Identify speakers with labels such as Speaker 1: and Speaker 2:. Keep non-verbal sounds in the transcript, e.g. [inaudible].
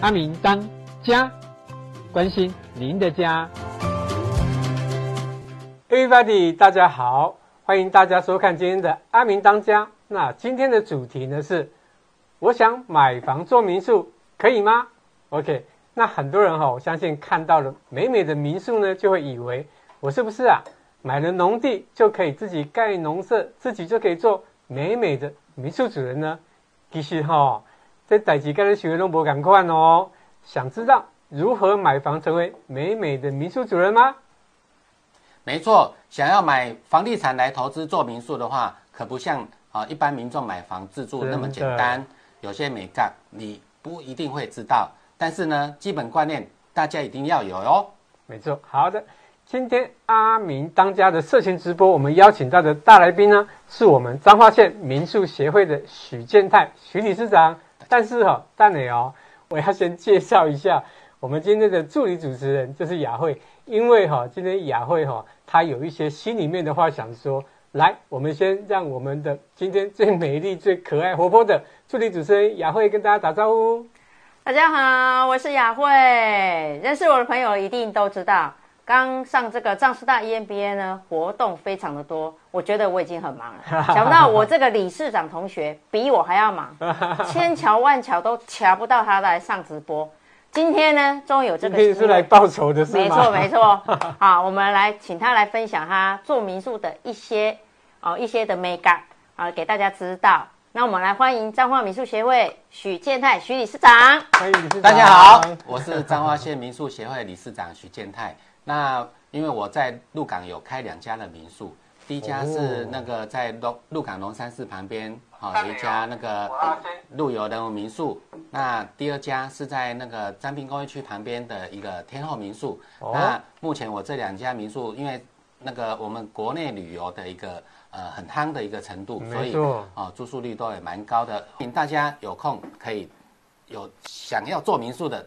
Speaker 1: 阿明當家，關心您的家。Hey everybody，大家好，歡迎大家收看今天的阿明當家。那今天的主題呢是，我想買房做民宿，可以嗎？OK，那很多人哈、哦，我相信看到了美美的民宿呢，就會以為我是不是啊買了農地就可以自己蓋農舍，自己就可以做美美的民宿主人呢？其實哈、哦。在代誌甲恁想 ㄟ 不太一樣喔！想知道如何買房成為美美的民宿主
Speaker 2: 人嗎？沒錯，想要買房地產來投資做民宿的話，可不像啊一般民眾買房自住那麼簡單。有些門檻你不一定會知道，但是呢，基本觀念大家一定要有喲、哦。沒錯，
Speaker 1: 好的，今天阿明當家的社群直播，我們邀請到的大來賓呢，是我們彰化縣民宿協會的許建泰許理事長。但是哈、喔，大磊哦，我要先介紹一下我們今天的助理主持人，就是雅慧。因為哈、喔，今天雅慧哈、喔，她有一些心裡面的話想說。來，我們先讓我們的今天最美麗、最可愛、活潑的助理主持人雅慧跟大家打招呼。
Speaker 3: 大家好，我是雅慧，認識我的朋友一定都知道，剛上這個藏師大 EMBA 呢，活動非常的多，我覺得我已經很忙了。想不到我這個理事長同學比我還要忙，
Speaker 1: 千喬
Speaker 3: 萬喬都喬不到他來上直播。今天呢，終於有這個機會是來報
Speaker 1: 仇的是嗎？沒錯沒錯。
Speaker 3: 好，我們來請他來分享他做民宿的一些哦一些的眉角啊，給大家知道。那我們來歡迎彰化民宿協會許建泰許理事長，大家好，
Speaker 2: 我是彰化縣民宿協會理事長許建泰。 [laughs] 那因為我在鹿港有開兩家的民宿，第一家是那個在鹿鹿港龍山寺旁邊，哈、哦、有一家那個鹿遊人文民宿。那第二家是在那個彰濱工業區旁邊的一個天后民宿。哦、那目前我這兩家民宿，因為那個我們國內旅遊的一個呃很夯的一個程度，所以啊、呃、住宿率都也蠻高的。請大家有空可以有想要做民宿的。